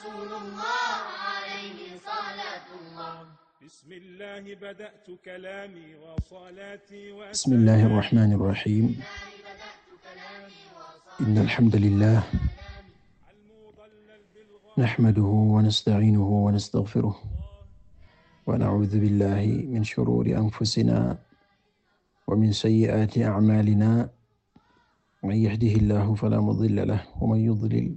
رسول الله عليه صلاة الله بسم الله بدأت كلامي وصلاتي بسم الله الرحمن الرحيم إن الحمد لله نحمده ونستعينه ونستغفره ونعوذ بالله من شرور أنفسنا ومن سيئات أعمالنا من يهده الله فلا مضل له ومن يضلل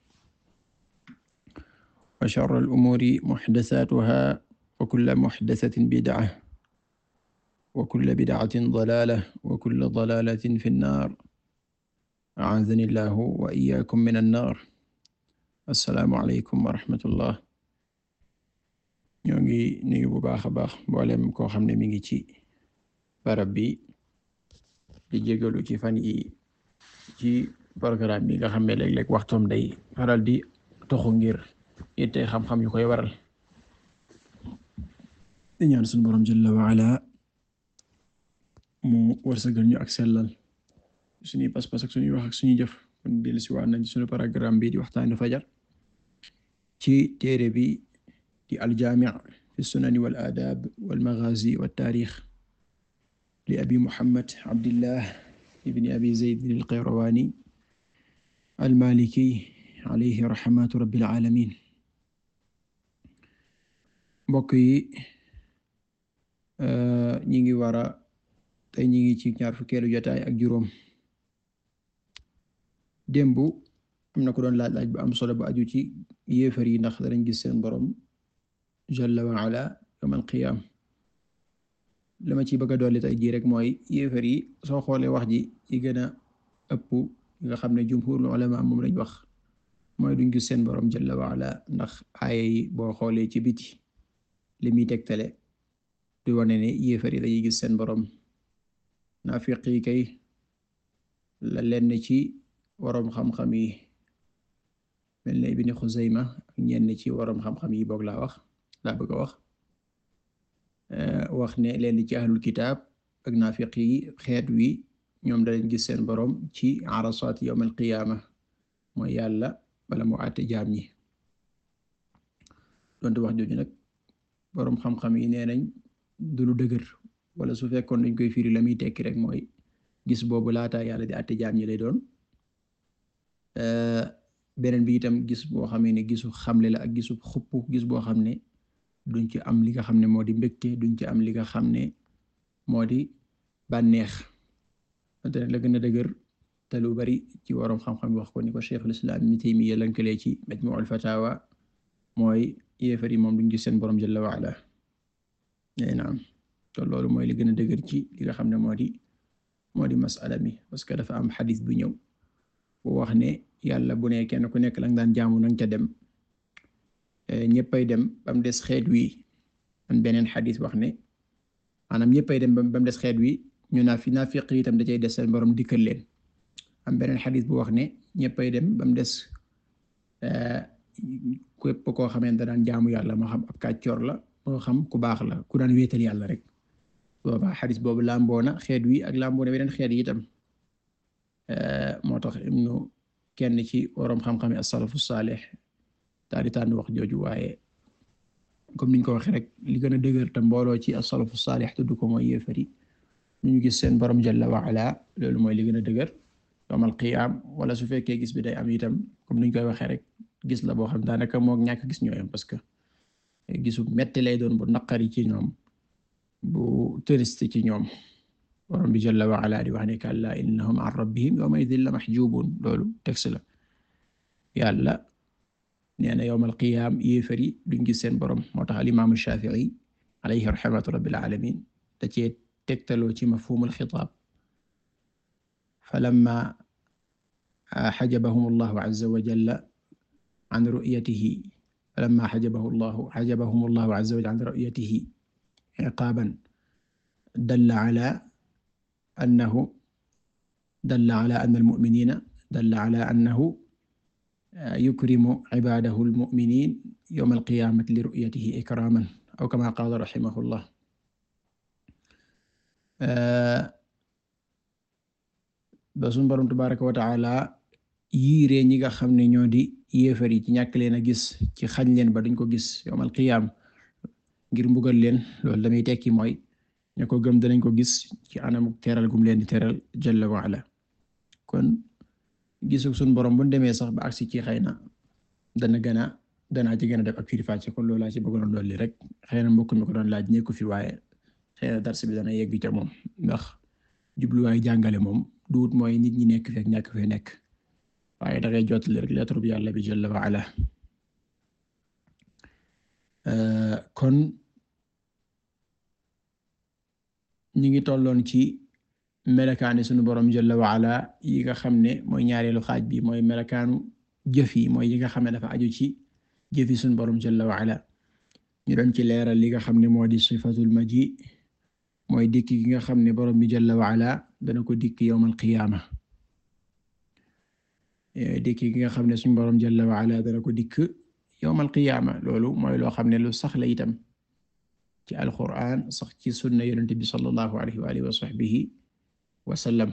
wa sharra al-umuuri muhdasaatuhaa wa kullu muhdasatin bid'a wa kullu bid'atin dalaala wa kullu dalaalatin fi nnaar a'aazani llaahu wa iyyaakum mina nnaar assalaamu aleykum wa rahmatullah ñoo ngi nuyu bu baax a baax mboolem koo xam ne mi ngi ci barab bi di jégalu ci fan yi ci programme bi nga xam ne léeg-léeg waxtoom day faral di toxu ngir ittee xam-xam yu koy waral di ñaan suñu borom jalla wa ala mu wërsëgal ñu ak sellal suñuy pas-pas ak suñuy wax ak suñuy si waat nañ suñu programme bi di waxtaanu fajar ci téere bi di aljaami' fi sunani wal aadab wal maghazi li abi muhammad abdillah ibni abi zayd al qayrawani al maliki alayhi rahmatu alamin mbokk yi euh, ñi ngi war a tey ngi ci ñaar fukkeelu jotaay ak juróom démb am na ku doon laaj laaj bu am solo ba aju ci yéefar yi ndax danañ gis seen borom jalla wa ala yawmal qiyaam li lama ci bëgg a dolli tey jii rek mooy yéfer yi soo xoolee wax ji yi gën a ëpp nga xam ne jumhurul ulama moom lañ wax mooy duñ gis seen borom jalla wa ala ndax aaya yi boo xoolee ci bit li muy tegtale du wane ne yéefari dañuy gis seen boroom naafiq yi kay la lenn ci waroom xam-xam yi mel na ibni xuzayma ak ñenn ci waroom xam-xam yi boog laa wax laa bëgg a wax eh, wax ne lenn ci ahlul kitaab ak naafiq yi xeet wi ñoom dalañ gis seen boroom ci arasaat yawm al qiyaama mooy yàlla bala mu àtte jaam ñi doonte wax jooju nag boroom xam-xam yi nee nañ du dëgër wala su fekkoon dañ koy firi la muy tekki rek mooy gis boobu laataa yàlla di àtte jaam lay doon eh, beneen bi itam gis boo xamee ne gisu xamle la ak gisu xuppu gis boo xam ne duñ ci am li nga xam ne moo di mbégte duñ ci am li nga xam ne moo di bànneex wante la gën a dëgër te lu bari ci waroom xam-xam wax ko ni ko Cheikhul Islam Ibn Taymiyya lënkalee ci Majmu'ul Fatawa mooy yéefar yi moom duñ gis seen borom jalla wa ala day eh, naam te loolu mooy li gën a dëgër ci li xam ne moo di moo di masala mi parce que dafa am xadis bu ñëw bu wax ne yàlla bu ne kenn ku nekk la nga daan jaamu nanga ca dem eh, ñëppay dem ba des xeet wi am beneen xadis wax ne maanaam ñëppay dem ba des xeet wi ñu naa fi naafiq yi itam da cay des seen borom dikkal leen am beneen xadis bu wax ne ñëppay dem ba des eh, képp koo xamante daan jaamu yàlla ma xam ab kàccoor la moo xam ku baax la ku daan wéetal yàlla rek booba boobu làmboo na xeet wi ak làmboo na xeet itam eh, moo tax ibnu kenn ci waroom xam-xami as-salafu saalih daal di tànn wax jooju waaye comme niñ ko waxee rek li gën a dëgër te mbooloo ci as-salafu saalih tudd ko mooy yéefari ñu gis seen borom jalla wa ala loolu mooy li gën a dëgër yawmal qiyaam wala su fekkee gis bi day am itam comme niñ koy waxee rek gis la boo xam daanaka moo ñàkk gis ñooyam parce que gisu metti lay doon bu naqari ci ñoom bu triste ci ñoom borom bi jalla wa ala di wax ne kalla innahum an rabbihim yawma idhin la mahjubun loolu texte la yàlla nee na yawmal qiyaam yéefar yi duñ gis seen borom moo tax al imaamu Shaafi'i alayhi rahmatu rabbil alamin da cee tegtaloo ci mafhumul xitaab falamma xajabahum ah, allahu azza wa jalla an ru'yatihi falamma hajabahu llahu hajabahum allahu azza wa jalla an ru'yatihi iqaaban dalla ala annahu dalla ala anna al-mu'minina dalla ala annahu uh, yukrimu ibaadahu al-mu'minin yawma al-qiyaamati li ru'yatihi ikraaman aw kama qaala rahimahullah uh, ba sunu Boroom tabaaraka wa ta'aala yiire ñi nga xam ne ñoo di yéefar yi ci ñàkk leen a gis ci xañ leen ba dañ ko gis yawmal qiyaam ngir mbugal leen loolu la tekki mooy ña ko gëm danañ ko gis ci anam teral gum leen di teral jalla wa kon gisul suñ borom bu demee sax ba agsi ci xëy na dana gën a danaa ci gën a def ak firifàcce kon loolu laa ci bëggoon dolli rek xëy na mbokk mi ko doon laaj nekku fi waaye xëy na dars bi dana yegg ca moom ndax jubluwaay jàngale moom duut mooy nit ñi nekk fekk ñàkk fee nekk waaye dangay jottali rek lettre bi yàlla bi jalla wa ala euh, kon ñi ngi tolloon ci melakaani sunu borom jalla wa ala yi nga xam ne mooy ñaareelu xaaj bi mooy melakaanu jëf yi mooy yi nga xam ne dafa aju ci jëfi sunu borom jalla wa ala ñu doon ci leeral li nga xam ne moo di sifatul maji mooy dikk gi nga xam ne borom bi jalla wa ala dana ko dikk yawmal qiyaama dikki gi nga xam ne suñu borom jalla wa ala dana ko dikk yawmal qiyaama loolu mooy loo xam ne lu sax la itam ci alquran sax ci sunna yonent bi sallallahu alayhi wa alihi wa sahbihi wa sallam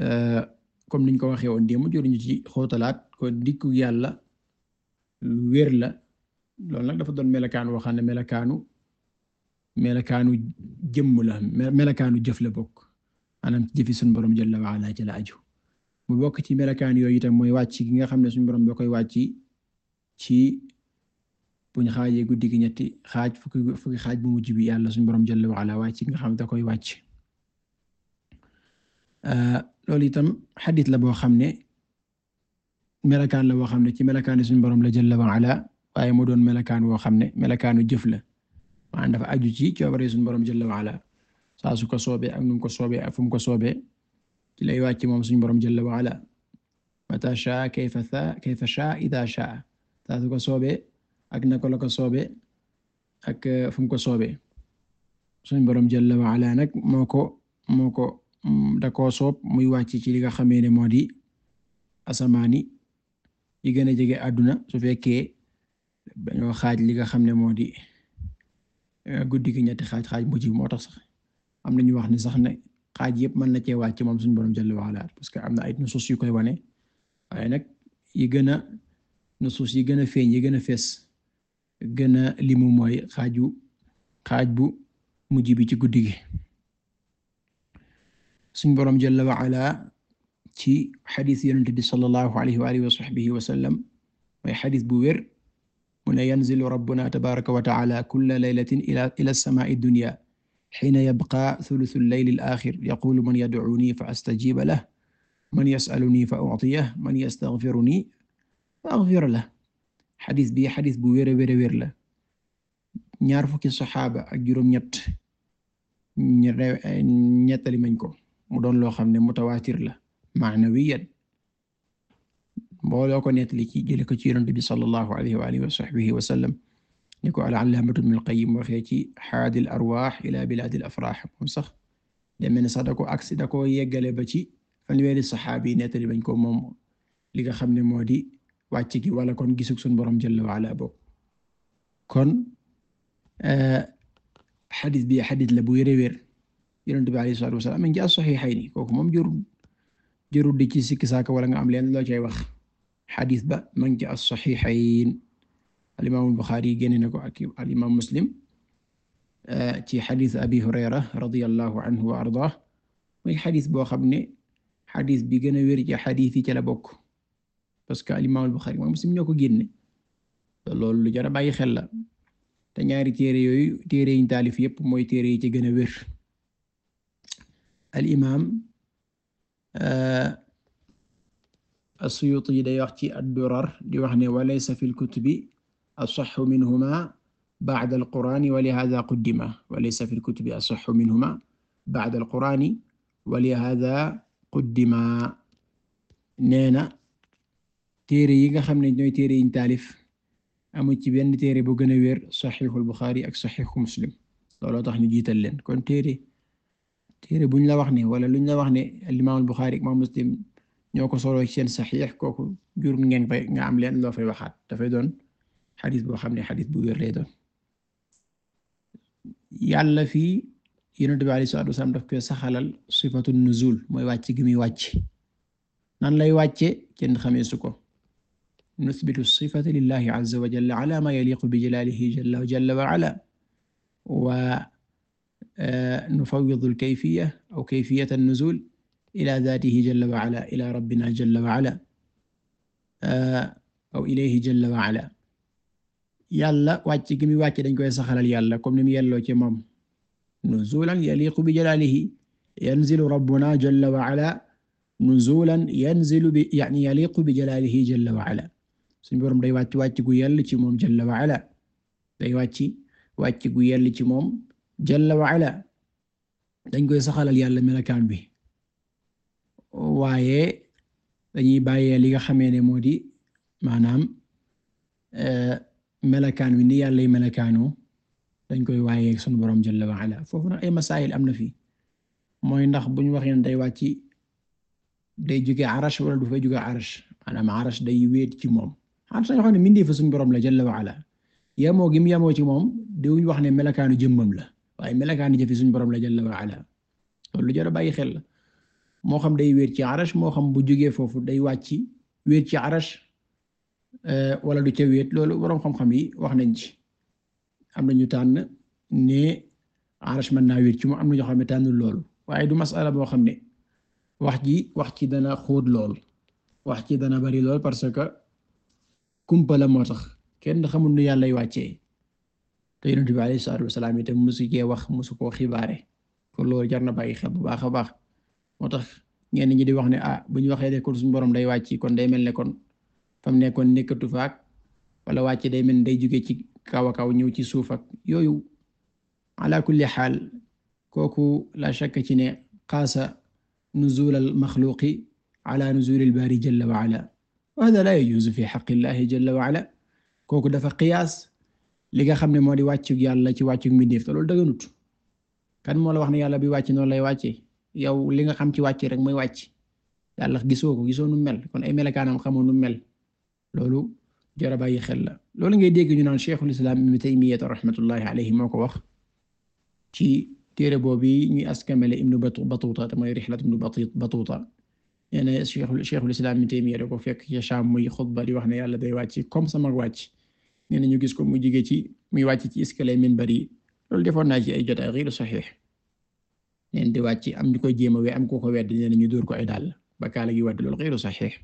euh, comme niñ ko waxee woon démb joruñu ci xootalaat ko dikku yàlla wér la loolu nag dafa doon melakaanu woo xam ne melakaanu melakaanu jëmm la melakaanu jëf la bokk maanaam jëfi borom jalla wa ala la aju mu bokk ci melokaan yooyu itam mooy wàcc gi nga xam ne suñu borom da koy wàcc ci buñ xaajee guddi gi ñetti xaaj fukki xaaj bu mujj bi yàlla suñu borom jalla wa ala wàcc gi nga xam ne da koy wàcc euh, itam xadit la boo xam ne melokaan la boo xam ne ci melokaan suñu borom la jalla wa waaye moo doon melokaan woo xam ne melokaanu jëf la maanaam dafa aju ci coobare suñu borom jalla wa ala saa su ko soobee ak nu mu ko soobee ak fu mu ko soobee ci lay wàcc moom suñu borom jalla wa ala mata shaa kayfa saa kayfa shaa idaa shaa ko soobee ak naka la ko soobee ak fum ko soobee suñu borom jalla wa ala nag moo ko moo ko da soob muy wàcc ci li nga xamee ne moo di asamaani yi gën a jege àdduna su fekkee dañoo xaaj li nga xam ne moo di guddi gi ñetti xaaj xaaj mujj moo tax sax am nañu wax ne sax ne. xaaj yëpp mën na cee wàcc moom suñu borom jalla wa ala parce que am na ay nusus yu koy wane waaye nag yi gën a nusus yi gën a feeñ yi gën a fees gën a limu mooy xaaju xaaj bu mujj bi ci guddi gi suñu borom jalla wa ala ci xadis yonent bi sallallahu alayhi wa alihi wa sahbihi wa sallam mooy xadis bu wér mu ne yanzilu rabbuna tabaraka wa taala kulla laylatin ila ila as-samaa'i xiina yabqaa thulusu al-layli al-aaxir yaquulu man yad'uunii fa astajiiba lahu man yas'alunii fa u'tiyahu man yastaghfirunii fa aghfira lahu xadis bi xadis bu wér a wér a wér la ñaar fukki saxaaba ak juróom-ñett ñettali mañ ko mu doon loo xam ne mutawaatir la ma'nawiyan mbooloo ko nettali ci jële ko ci Yonent bi sallallahu alayhi wa alihi wa sahbihi wa sallam ni ko al-allaamatu ibnul qayyim waxee ci xaadil arwaax ila bilaadil afraax moom sax deme ne sax da ko agsi da koo yeggale ba ci fanweeri saxaabi yi nettali bañ ko moom li nga xam ne moo di wàcc gi wala kon gisug suñ borom jalla waala boobu kon eh, xadis bi xadis la bu wér-wér yonent bi alayhi salaatu wasalaam ngi saxiixayni kooku moom jërul jërul di ci sikki saaka wala nga am leen loo cay wax xadis ba ma ngi ci as alimaamul Buxaari yi génne na ko ak alimaam Muslim eh, ci xadis abi hurayra radiallahu anhu wa ardah mooy boo xam ne xadis bi gën a wér ci xadis yi la bokk parce que alimaamul Buxaari moom Muslim ñoo ko génne loolu lu jar a bàyyi xel la te ñaari téere yooyu téere yi taalif yépp mooy téere yi ci gën a wér al imaam eh, as-Suyuti day wax ci ad-Durar di wax ne wa laysa fil kutubi asaxu minhuma ba'da alqur'ani wa lihaadha quddima wa laysa fi alkutubi asaxu minhuma ba'da alqur'ani wa lihaadha quddima nee na téere yi nga xam ne ñooy téere yiñ taalif amu ci benn téere bu gën a wér saxiixul Buxaari ak saxiixu Muslim looloo tax ñu jiital leen kon téere téere buñ la wax ne wala luñ la wax ne alimaamul Buxaari ak imaam Muslim ñoo ko solo ci seen saxiix kooku jur ngeen fay nga am leen loo fay waxaat dafay doon xadis boo xam ne xadis bu wér lay doon yàlla fii yonent bi alayhi salaatu wasalaam daf koy saxalal sifatu nuzul mooy wàcc gi muy wàcc nan lay wàcce kenn xamee su ko nusbitu sifata lillahi azza wa jalla ala ma yaliqu bi jalalihi jalla wa jalla wa ala wa e, nufawidu alkayfiya aw kayfiyat annuzul ila zatihi jalla wa ala ila rabbina jalla wa ala e, aw ilayhi jalla wa ala yàlla wàcc gi muy dañ koy saxalal yàlla comme ni mu yelloo ci moom nuzulan yaliqu bi jalalihi yanzilu rabbuna jalla wa ala nuzulan bi yani yaliqu bi jalalihi jalla wa ala suñu borom day wàcc wàcc gu ci moom jalla wa ala day wàcc wàcc gu ci moom jalla wa ala dañ koy saxalal yàlla melakaan bi waaye dañuy bàyyee li nga xamee ne moo di maanaam eh, melakaan wi ni yàlla melakaanoo dañ koy waaye sunu borom jalla wa foofu nag ay masaayil am na fi mooy ndax bu ñu waxee day wàcc day jóge arash wala du fay jóge arash maanaam day wéet ci moom arash dañoo xam ne mindee fa suñu borom la wa ala yemoo gi mu ci moom di wax ne melakaanu jëmmam la waaye melakaanu jëfi suñu borom la jalla la moo xam day wéet ci arash moo xam bu jógee foofu day wàcc wéet ci arash Euh, wala du ca wet loolu boroom xam-xam yi wax nañ ci am na ñu tànn ne arsh mën naa wéet ci mu am na ñoo xam ne tànnul loolu waaye du masala boo xam ne wax ji wax ci dana xóot lool wax ci dana bari lool parce que kumpa moo tax kenn xamul nu yàllay wàccee te yonent bi alayhi salaatu wasalaam itam musu jee wax musu koo xibaare kon loolu jar na bàyyi xel bu baax a baax moo tax ñenn ñi di wax ne ah bu ñu waxee de kon suñu borom day wàcc kon day mel ne kon fa mu nekkoon nekkatu fa wala wàcc day mel day jóge ci kaw a kaw ñëw ci suufak yooyu ala kulli xaal kooku la shakka ci ne kaasa nuzul al maxluqi ala nuzul al baari jalla wa ala wa la yajuuzu fi xaqi llahi jalla wa ala kooku dafa qiyaas li nga xam ne moo di wàccug yàlla ci wàccug mbindeef te loolu dëgganut moo la wax ne yàlla bi wàcc noonu lay wàcce yow li nga xam ci wàcce rek mooy wàcc yàlla gisoo ko gisoo nu mel kon ay melakaanam xamoo nu mel loolu jara bàyyi xel la loolu ngay dégg ñu naan cheikhul islam ibn taymiyya rahmatullahi alayhi moo ko wax ci téere boobu ñuy askamale ibnu batuta te mooy rixlat ibnu batuta nee na cheikhul islam ibn taymiyya da ko fekk ci Sham muy xutba di wax ne yàlla day wàcc comme sama wàcc nee na ñu gis ko mu jigee ci muy wàcc ci escalier minbar bari loolu defoon naa ci ay jotaay ghayr sahih nen di wàcc am ñu koy jéem a we am ko ko wedd nee na ñu dóor ko ay daal ba kaala gi wàdd loolu ghayr sahih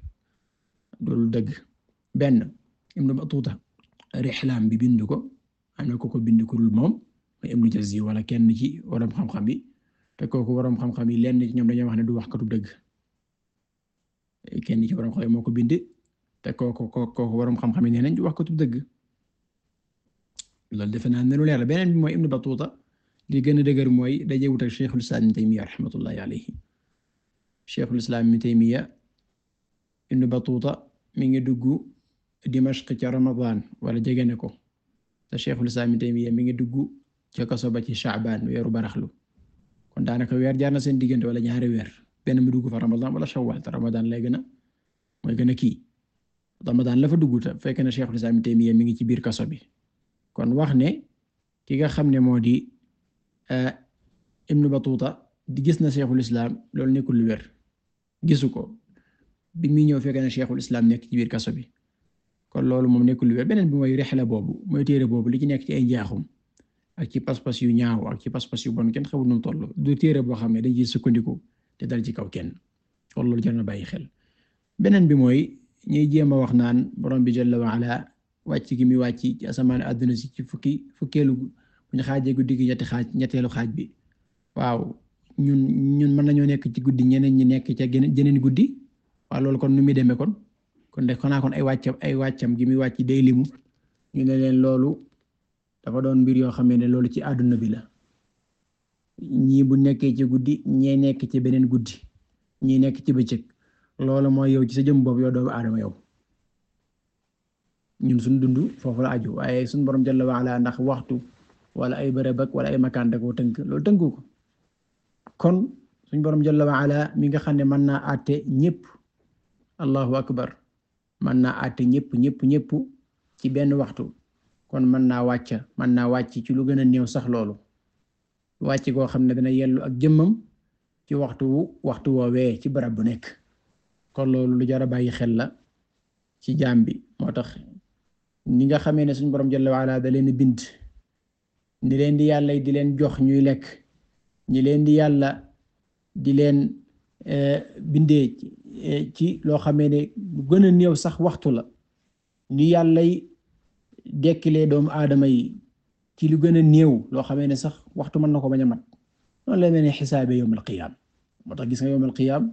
loolu dëgg benn Ibnu Batuta rixlaam bi bind ko am na ko ko bind ko dul moom Ibnu Jazzi wala kenn ci waroom xam-xam yi te kooku waroom xam-xam yi lenn ci ñoom dañoo wax ne du wax katu dëgg kenn ci waroom xam yi moo ko bind te kooku kooku waroom xam-xam yi nee nañ dëgg loolu defe naa ne lu leer la beneen bi mooy Ibnu Batuta li gën a dëgër mooy daje wut ak Cheikhul Islam Ibnu Taymiyya rahmatullahi alayhi Cheikhul Islam Ibnu Taymiyya Ibnu Batuta mi ngi dugg. Dimashq ca Ramadan wala jege ne ko te Cheikhul Islam Taymiyya mi ngi dugg ca kaso ba ci Sha'ban weeru baraxlu kon daanaka weer jaar na seen diggante wala ñaari weer benn mu dugg fa Ramadan wala Shawwal te Ramadan lay gën a mooy gën a kii Ramadan la fa dugg te fekk na Cheikhul Islam Taymiyya mi ngi ci biir kaso kon wax ne ki nga xam ne moo di eh, Ibn Battuta di gis na Cheikhul Islam loolu nekkul lu wér gisu ko bi muy ñëw fekk na Cheikhul Islam nekk ci biir kaso bi. kon loolu moom nekkul lu wér beneen bi mooy rexla boobu mooy téere boobu li ci nekk ci ay njaaxum ak ci pas-pas yu ñaaw ak ci pas-pas yu bon kenn xamul nu mu du téere boo xam ne dañ ciy sukkandiku te dal ci kaw kenn kon loolu jar na bàyyi xel beneen bi mooy ñuy jéem a wax naan borom bi jalla wa ala wàcc gi mi wàcc ci asamaan àdduna si ci fukki fukkeelu bu ñu xaajee guddi gi ñetti xaaj ñetteelu xaaj bi waaw ñun ñun mën nañoo nekk ci guddi ñeneen ñi nekk ca geneen guddi waaw loolu kon nu muy demee kon kon de kon ay wàccam ay wàccam gi muy wàcc day ne leen loolu dafa doon mbir yoo xam ne loolu ci àdduna bi la ñii bu nekkee ci guddi ñee nekk ci beneen guddi ñii nekk ci bëccëg loolu mooy yow ci sa jëm bopp yow doomu aadama yow ñun suñ dund foofu la aju waaye suñ borom jalla waala ndax waxtu wala ay bërëb ak wala ay makaan da koo tënk ko kon suñ borom jalla waala mi nga xam ne mën naa àtte ñépp allahu akbar mën naa àtte ñëpp ñëpp ñëpp ci benn waxtu kon mën naa wàcc mën naa wàcc ci lu gën a néew sax loolu wàcc koo xam ne dana yellu ak jëmmam ci waxtu wu waxtu woowee ci barab bu nekk kon loolu lu jar a bàyyi xel la ci jaam bi moo tax ni nga xamee ne suñ borom jalla waala da leen bind ni leen di yàlla di leen jox ñuy lekk ñi leen di yàlla di leen bindee Eh, ci loo xamee ne lu gën a néew sax waxtu la ñu yàllay dekkilee doomu aadama yi ci lu gën a néew loo xamee ne sax waxtu mën na ko bañ a mat noonu la mel ne xisaabe yowmal qiyaam moo tax gis nga yowmal qiyaam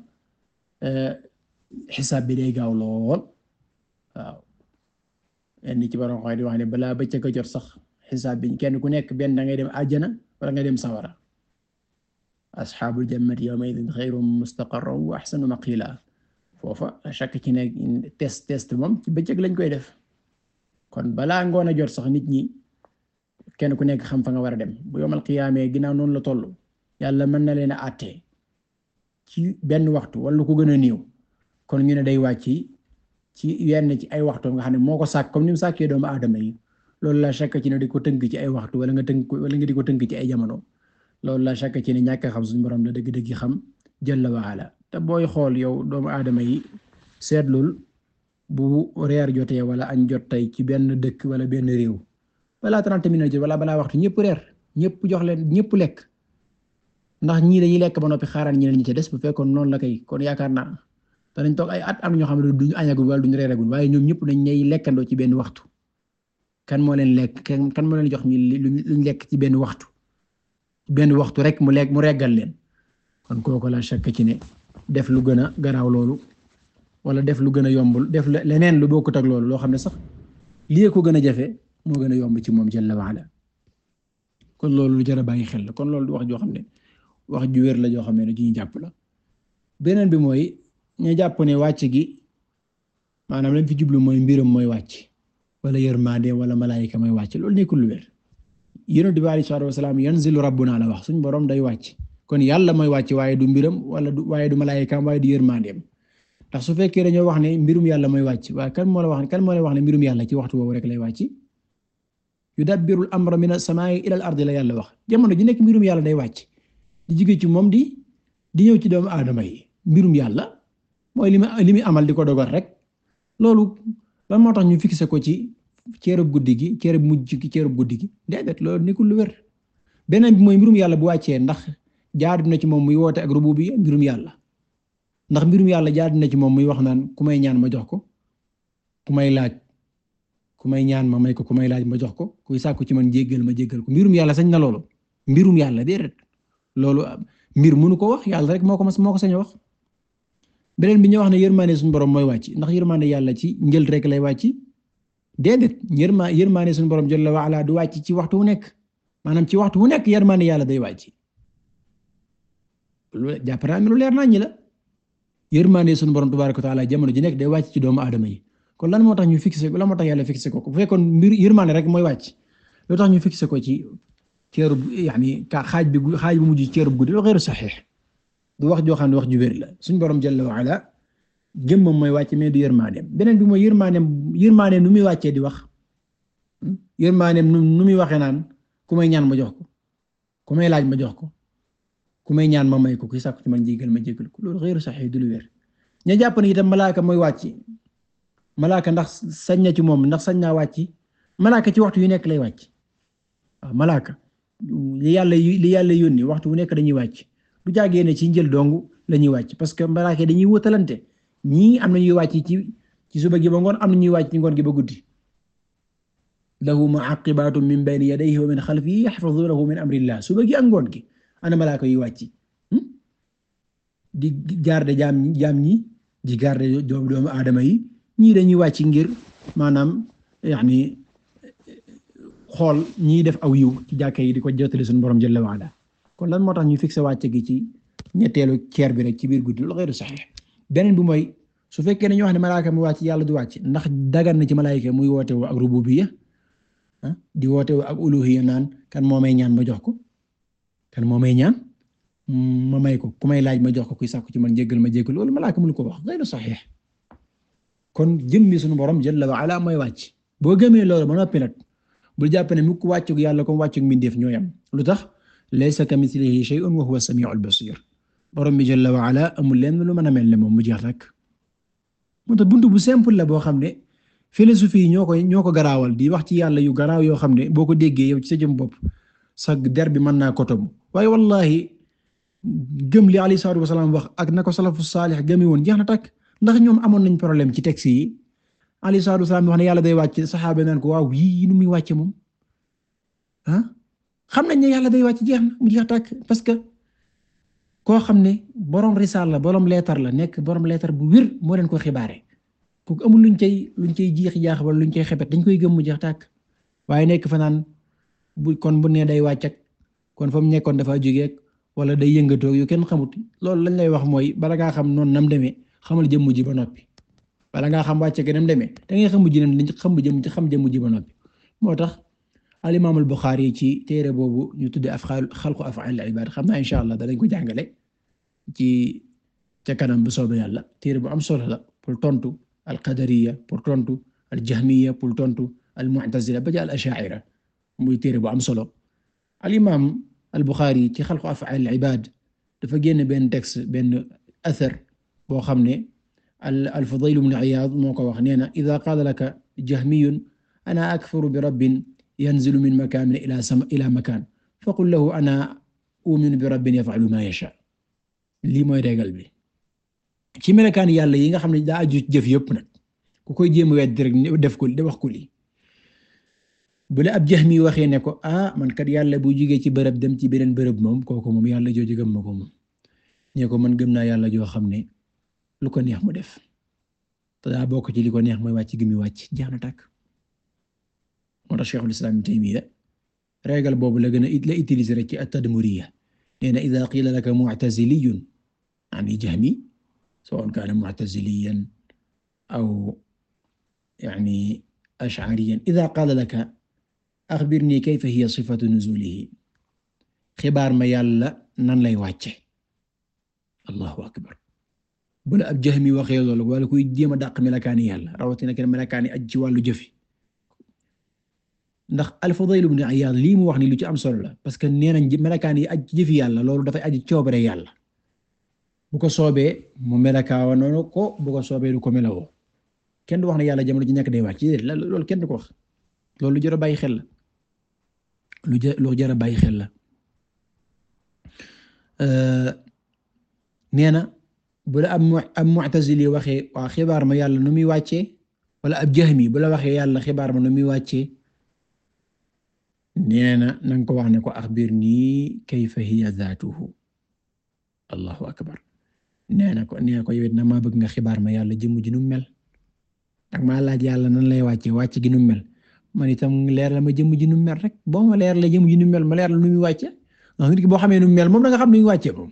eh, xisaab bi day gaaw lool ci borom di wax ne balaa ba a jot sax xisaab biñ kenn ku nekk benn da ngay dem àjjana wala nga dem sawara asxaabul jannati yawma idin xayrun mustaqarran wa axsanu maqila foofa chaque ci ne test test moom ci bëccëg lañ koy def kon balaa ngoon a jot sax nit ñi kenn ku nekk xam fa nga war a dem bu yomal xiyaamee ginnaaw noonu la toll yàlla mën na leen a àttee ci benn waxtu wala ko gën a néew kon ñu ne day wàcc ci yenn ci ay waxtu nga xam ne moo ko sàkk comme ni mu sàkkee doomu aadama yi ne di ko tënk ci ay waxtu wala nga tënk wala nga di ko tënk ci ay jamono loolu la chaque ci ne ñàkk xam suñu borom la dëgg-dëgg xam jël la waxaala te booy xool yow doomu aadama yi seetlul bu reer jotee wala añ jot tey ci benn dëkk wala benn réew balaa trente minutes wala balaa waxtu ñëpp reer ñëpp jox leen ñëpp lekk ndax ñii dañuy lekk ba noppi xaaral ñeneen ñi ci des bu fekkoon noonu la kay kon yaakaar naa danañ toog ay at am ñoo xam ne duñu añagul wala duñu reeragul waaye ñoom ñëpp dañ ñay lekkandoo ci benn waxtu kan moo leen lekk kan moo leen jox ñu luñ lekk ci benn waxtu benn waxtu rek mu lekk mu reggal leen kon kooku la chàkk ci ne. def lu gën a garaaw loolu wala def lu gën a yombul def leneen lu bokkut ak loolu loo xam ne sax lii ko gën a jafe moo gën a yomb ci moom jalla waala kon loolu lu jar a bàyyi xel la kon loolu wax joo xam ne wax ju wér la joo xam ne ju ñu jàpp la beneen bi mooy ñu jàpp ne wàcc gi maanaam lañ fi jublu mooy mbiram mooy wàcc wala yërmande wala malaayika mooy wàcc loolu nekkul lu wér yonent bi sallallahu alayhi wasallam yanzilu rabbuna la wax suñ borom day wàcc kon yàlla mooy wàcc waaye du mbiram wala du waaye du malaayikaam waaye du yërmandeem ndax su fekkee dañoo wax ne mbirum yàlla mooy wàcc waaye kan moo wax kan moo lay wax ne mbirum yàlla ci waxtu woowu rek lay wàcc yudabbirul amra mina samaa'i ilal ardi la yàlla wax jamono ji nekk mbirum yàlla day wàcc di jóge ci moom di di ñëw ci doomu aadama yi mbirum yàlla mooy li mu li mu amal di ko dogal rek loolu lan moo tax ñu fixé ko ci ceerub guddi gi ceerub mujj gi ceerub guddi gi déedéet loolu nekkul lu wér beneen bi mooy mbirum yàlla bu wàccee ndax jaadu na ci moom muy woote ak rububiyya mbirum yàlla ndax mbirum yàlla jaadu na ci moom muy wax naan ku may ñaan ma jox ko ku may laaj ku may ñaan ma may ko ku may laaj ma jox ko kuy sàkku ci man jéggal ma jéggal ko mbirum yàlla sañ na loolu mbirum yàlla déedéet loolu mbir mënu ko wax yàlla rek moo ko mas moo ko sañ wax beneen bi ñu wax ne yërmaane suñu borom mooy wàcc ndax yërmaane yàlla ci njël rek lay wàcc déedéet yërma yërmaane suñ borom jël la waala du wàcc ci waxtu wu nekk maanaam ci waxtu wu nekk yërmaane yàlla day wàcc loolu jàpp naa ne lu leer naa ñi la yërmande sunu borom tabaaraka wa taala jamono ji nekk day wàcc ci doomu aadama yi kon lan moo tax ñu fixé ko lan moo tax yàlla fixé ko bu fekkoon mbir yërmande rek mooy wàcc loolu tax ñu fixé ko ci ceeru yaani xaaj bi xaaj bu mujj ceeru guddi lu xeeru saxiix du wax joo xam ne wax ju la suñu borom jalla wa ala jëmmam mooy wàcc mais du yërmandeem beneen bi mooy yërmandeem yërmandeem nu muy wàccee di wax hmm? yërmandeem nu muy waxee naan ku may ñaan ma jox ko ku may laaj ma jox ko ku may ñaan ma may ko kuy sàkku ci man jéggal ma jéggal ko loolu xëyru sax du lu wér ña jàpp ne tam malaaka mooy wàcc malaaka ndax sañ na ci moom ndax sañ naa wàcc malaaka ci waxtu yu nekk lay wàcc waaw malaaka li yàlla yoon yàlla waxtu wu nekk dañuy wàcc du jàggee ne ci jël dong la wàcc parce que malaaka dañuy wutalante ñii am na ñuy wàcc ci ci suba gi ba ngoon am na ñuy wàcc ci ngoon gi ba guddi lahu mu'aqibatun min bayni yadayhi wa min xalfihi yaxfazunahu min amrillah suba gi ak ngoon gi ana malaaka yi wàcc hmm? di garde jaam ñi di garde doomu doomu aadama yi ñii dañuy wàcc ngir maanaam yaani xool ñiy def aw yiw ci jàkka yi di ko jottali suñu borom jëlla waala kon lan moo tax ñu fixé wàcc gi ci ñetteelu ceer bi rek ci biir guddi loolu xëy na beneen bi mooy su fekkee ne ñu wax ne malaaka mu wàcc yàlla du wàcc ndax dagan na ci malaayika muy woote woo ak rububiyya ah, di woote woo ak uluhiyya naan kan moomay ñaan ma jox ko kan moo may ñaan ma may ko ku may laaj ma jox ko kuy sàkku ci man jéggal ma ma loolu mu lu ko wax gayru saxiix kon jëmmi suñu borom jalla wa ala mooy wàcc boo gëmee loolu ba noppi nag bul jàpp ne mukk wàccug yàlla comme wàccug mindeef ñoo yam lu tax laysa kamithlihi shay'un wa huwa as-sami'ul basir borom bi jalla wa ala amul lenn lu mën a mel ne moom mu jeex rek moo tax buntu bu simple la boo xam ne philosophie yi ñoo ko ñoo ko garaawal di wax ci yàlla yu garaaw yoo xam ne boo ko déggee yow ci sa jëm bopp sa der bi mën naa kotomu waaye wallahi gëm li alayhi salaatu wasalaam wax ak na ko salafu saalix gëmi woon jeex na takk ndax ñoom amoon nañ problème ci texte yi alayhi salaatu wasalaam wax ne yàlla day wàcc saxaaba naan ko waaw yii nu muy wàcce moom xam nañ ne yàlla day wàcc jeex na mu jeex takk parce que koo xam ne boroom risaal la borom leetar la nekk borom leetar bu wir moo leen ko xibaare kooku amul luñ cay luñ cay jeex jaax wala luñ cay xebet dañ koy gëm mu jeex tàkk bu kon bu nee day wàcc ak kon fa mu nekkoon dafa jógeek wala day yëngatoo yu kenn xamut loolu lañ lay wax mooy bala ngaa xam noonu nam demee xamul jëm mujji ba noppi bala ngaa xam wàcc ak nam demee da ngay xamu ji nañ xam jëmm ji xam jëmm ji ba noppi moo tax al imaam al Buxaari ci téere boobu ñu tuddee af xalqu af'aal al ibaad xam naa incha allah danañ ko jàngale ci ca kanam bu soobee yàlla téere bu am solo la pour tontu al qadariya pour tontu al jahmiya pour tontu al mu'tazila ba ci al ashaa'ira muy téere bu am solo al imaam al Buxaari ci xalqu af'aal al ibaad dafa génn benn texte benn athar boo xam ne al al Fudayl ibn Iyaad moo ko wax nee na idaa qaala laka jahmiyun ana akfaru bi rabbin yanzilu min makaanin ilaa sama ilaa makaan faqul lahu ana uuminu bi rabbin yaf'alu maa yashaa lii mooy régal bi ci melokaan yàlla yi nga xam ne daa aju jëf yëpp nag ku koy jéem a wedd rek def ko wax ko lii bu la ab jaxmi waxee ne ko ah man kat yàlla bu jugee ci bërëb dem ci beneen bërëb moom kooku moom yàlla jooju gëm ko moom ñe ko man gëm naa yàlla joo xam ne lu ko neex mu def te daa bokk ci li ko neex mooy wàcc gi muy wàcc jeex na tàkk moo tax Cheikhul Islam boobu la gën a la utiliser rek ci at-Tadmuriyya nee na idha qila laka mu'taziliyyun ani jahmi sawa'un kana mu'taziliyan aw yani ash'ariyan idha qala laka axbirnii kayfa hiya sifatu nuzulihi xibaar ma yàlla nan lay wàcce allahu akbar bala ab jaxmi waxee loolu wala kuy jéem a dàq melakaani yàlla rawatina kenn melekaani aj ci wàllu jëfi ndax al-Fudayl ibn Iyaad lii mu wax ni lu ci am solo la parce que nee nañ melakaan yi aj ci yàlla loolu dafay aji coobare yàlla bu ko soobee mu melakaawa noonu ko bu ko soobee du ko melawoo kenn du wax na yàlla jamono ci nekk day wàcc loolu kenn du ko wax loolu lu jar xel la lu ja lu jar a bàyyi xel la euh, nee na bu la ab ab mu'tazili waxee waa xibaar ma yàlla nu muy wàccee wala ab jahmi bu la waxee yàlla xibaar ma nu muy wàccee nee na na ko wax ne ko axbirni kayfa hiya zaatuhu allahu akbar nee na ko nee ko yow it na maa bëgg nga xibaar ma yàlla jëmm ji nu mel ak maa laaj yàlla nan lay wàccee wàcc gi nu mel. man itam leer la ma jëmm ji nu mel rek boo ma leer la jëmm ji nu mel ma leer la nu muy wàcce ndax nit ki boo xamee nu mel moom da nga xam nu muy wàccee moom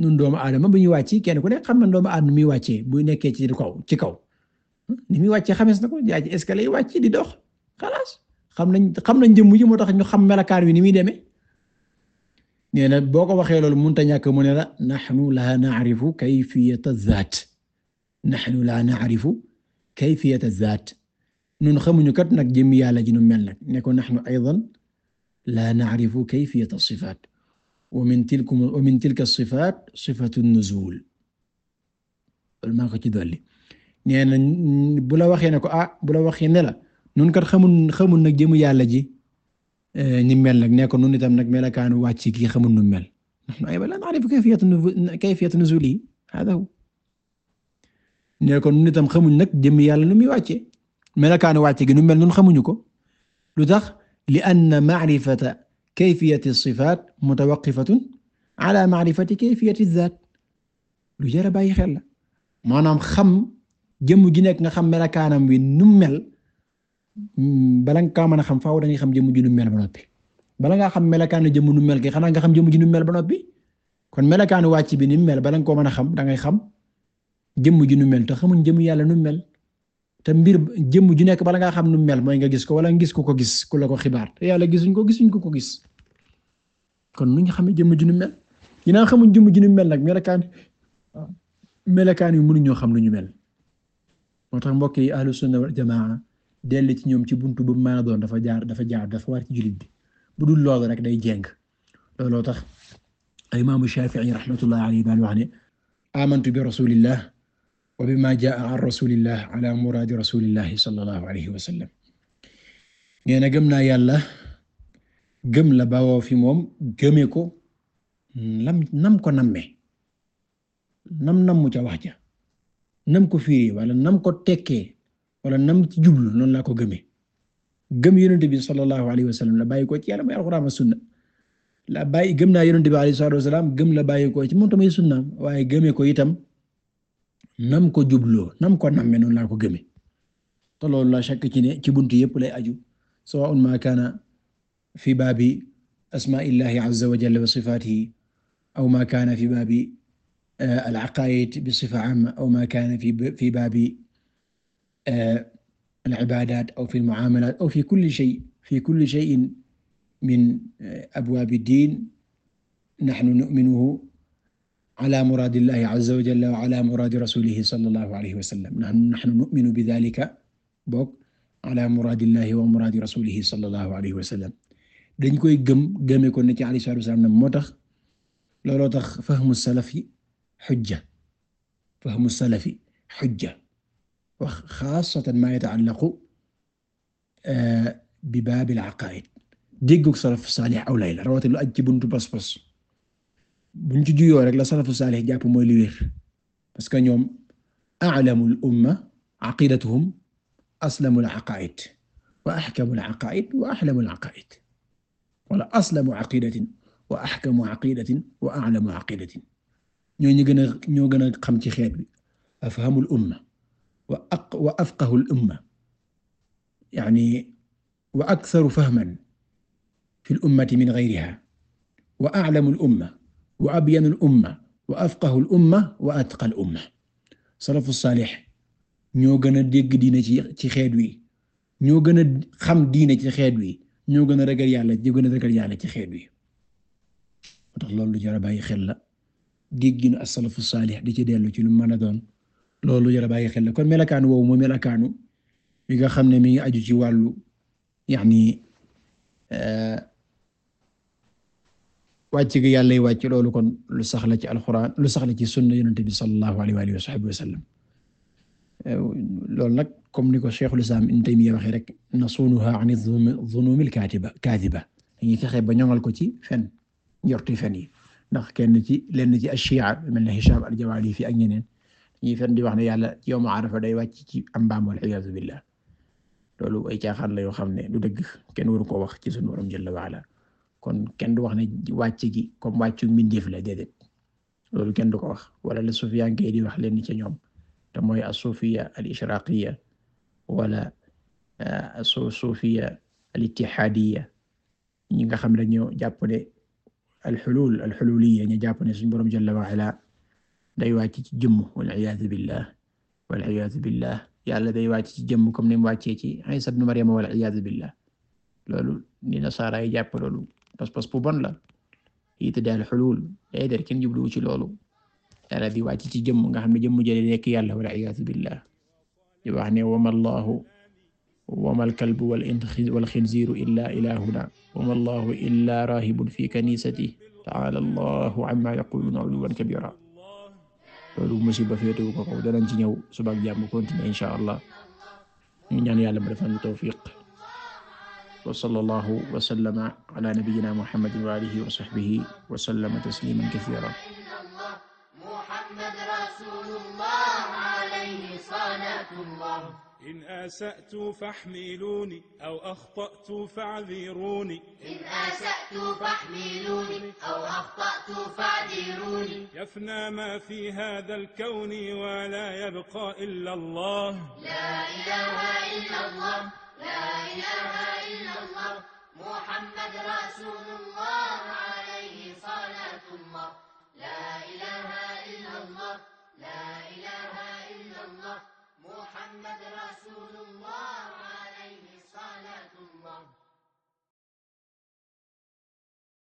nun doomu aadama bu ñuy kenn ku nekk xam na doomu aadama nu muy wàccee bu nekkee ci kaw ci kaw ni muy wàccee xamees na ko jaa ci escalier yi wàcc di dox xam nañ xam nañ jëmm ji moo tax ñu xam melakaan wi ni muy demee nee na boo ko waxee loolu mun ta ñàkk mu ne la nahnu la na'rifu kayfiyata zaat nahnu la na'rifu kayfiyata zaat ñun xamuñu kat nag jëmmi yàlla ji nu mel nag ne ko nahnu aydan laa na'rifu kayfiyata as-sifaat wa min tilkum wa min tilka as-sifaat sifatu an-nuzuul loolu maa ko ci dolli nee na bu la waxee ne ko ah bu la waxee ne la ñun kat xamul xamul nag jëmu yàlla ji eh, ni mel nag ne ko ñun itam nag melakaanu wàcc kii xamul nu mel nahnu aydan laa na'rifu kayfiyata kayfiyata nuzuuli haadaa huwa nee ko ñun itam xamuñ nag jëmmi yàlla nu muy wàccee melokaanu wàcce gi nu mel nun xamuñu ko lu tax li anna macrifata kayfiyati sifaat mutawaqifatun ala macrifati kayfiyati zaat lu jar bàyyi xel maanaam xam jëmm ji nekk nga xam melokaanam wi nu mel bala nga kaa mën a xam faaw dañuy xam jëmm ji nu mel ba noppi bala ngaa xam melokaanu jëmm nu mel gi xanaa nga xam jëmm ji nu mel ba noppi kon melokaanu wàcc bi ni mel bala nga koo mën a xam dangay xam jëmm ji nu mel te xamuñ jëmm yàlla nu mel te mbir jëmm ju nekk bala ngaa xam nu mel mooy nga gis ko wala nga gis ku ko gis ku la ko xibaar te yàlla gisuñ ko gisuñ ko ko gis kon nu ñu xamee jëmm ju nu mel ginnaaw xamuñ jëmm ju nu mel nag melakaan melakaan yi mënuñoo xam lu ñu mel. moo tax mbokk yi ahlu sunna wal jamaa dell ci ñoom ci bunt bu mën dafa jaar dafa jaar dafa war ci jullit bi bu dul loolu rek day jeng looloo tax imaamu Shaafi'i rahmatullahi alayhi daal wax amantu bi rasulillah wa bimaa jaa an rasulillah muraadi rasulillahi sallallahu alayhi wa sallam nee na gëm naa yàlla gëm la bawoo fi moom gëmee ko lam nam ko namme nam nammu ca wax ja nam ko fii wala nam ko tekkee wala nam ci jublu noonu laa ko gëmee gëm yonent bi sallallahu alayhi wa sallam la bàyyi ko ci yàlla mooy alxuraan ak sunna la bàyyi gëm naa yonent bi alayhi salaatu wa salaam gëm la bàyyi ko ci moom tamit sunnaam waaye gëmee ko itam nam ko jubloo nam ko namme noonu laa ko gëme te loolu la shakk ci ne ci buntu yëpp lay aju sawaun ma kaana fi baabi asmaillahi azza wa jalla wa sifaatihi aw ma kaana fi baabi eh, al aqaid bi sifa amma aw ma kaana fi fi baabi eh, al ibadat aw fi al muamalat aw fi kulli shay fi kulli shayin min eh, abwaabi diin nahnu nu'minuhu ala muraadillahi azza wa jalla wa ala muraadi rasulihi sallallahu alayhi wa sallam nahnu nu'minu bi dhalika boog ala muraadillahi wa muraadi rasulihi sallallahu alayhi wa sallam dañ koy gëm gëmee ko ne ci alayhi salaatu wa salaam moo tax looloo tax fahmu salafi xujja fahmu salafi xujja wax xaasatan maa yataallaqu bi baabil aqaaid déggu salaf saalix aw lay la rawatina lu aj ci buntu pas-pas buñ ci juyoo rek la salafu saalih jàpp mooy li wér parce que ñoom a'lamul umma aqidatuhum aslamul aqaid wa ahkamul aqaid wa ahlamul aqaid wala aslamu aqidatin wa ahkamu aqidatin wa a'lamu aqidatin ñoo ñu gën a ñoo gën a xam ci xeet bi afhamul umma wa aq wa afqahul umma yani wa aktharu fahman fil ummati min ghayriha wa a'lamul umma wa abyanul umma wa afqahul umma wa atqal umma salafu saalix ñoo gën a dégg diine ci ci xeet wi ñoo gën a xam diine ci xeet wi ñoo gën a ragal yàlla ñoo gën a ragal yàlla ci xeet wi moo tax loolu lu jar a bàyyi xel la dégginu as-salafu saalix di ci dellu ci lu mën a doon loolu lu jar a bàyyi xel la kon melakaanu woowu moo melakaanu bi nga xam ne mi ngi aju ci wàllu yaani euh, wàcc gi yàlla yi wàcc loolu kon lu sax la ci alxuraan lu sax la ci sunna yonent bi sallallahu alayhi wa alihi wa sahbihi wa sallam eh, loolu nag comme ni ko Cheikhul Islam Ibn Taymiyya waxee rek nasuunuha an az-zunum al-kaatiba kaatiba dañuy fexe ba ñoŋal ko ci fen njorti fen yi ndax kenn ci lenn ci ash-shi'a mel na Hisham al-Jawaali fii ak ñeneen ñuy fen di wax ne yàlla yawmu Arafa day wàcc ci ambaam wal iyaazu billah loolu ay caaxaan la yoo xam ne du dëgg kenn waru ko wax ci sunu Boroom jalla wa ala kon kenn du wax ne wàcc gi comme wàccu mbindeef la déedéet loolu kenn du ko wax wala la sufiya ngay di wax leen ci ñoom te mooy as-sufiya al-ishraqiya wala euh, as-sufiya al-ittihadiya ñi nga xam ne ñoo jàpp ne al-hulul al-hululiya ñu jàpp ne suñu borom jalla wa ala day wàcc ci jëmm wal iyaadu billah wal iyaadu billah yàlla day wàcc ci jëmm comme ni mu wàccee ci Isa ibn Maryam wal iyaadu billah loolu ni nasaara pas-pas bu bon la it daal xulul day der kenn jubluwu ci loolu yàlla di wàcc ci jëmm nga xam ne jëmm jële nekk yàlla wal iyaadu billah di wax ne wama allahu wama alkalbu wal xinziiru illa ilahuna wama allahu illa rahibun fi kanisati taala allahu amma yaquluna uluwan kabira loolu musiba féetewu ko kaw danañ ci ñëw suba ak jàmm continuer incha allah ñu ñaan yàlla mu defal ñu tawfiq wa sallallahu wa sallama ala nabiyyina muhammadin wa alihi wa sahbihi wa sallama tasliman kathiran muhammad rasulullah alayhi salatullah إن أسأت فاحملوني أو أخطأت فاعذروني إن أسأت فاحملوني أو أخطأت فاعذروني يفنى ما في هذا الكون ولا يبقى إلا الله لا إله إلا الله لا إله إلا الله محمد رسول الله عليه صلاة الله لا إله إلا الله لا إله إلا الله محمد رسول الله عليه صلاة الله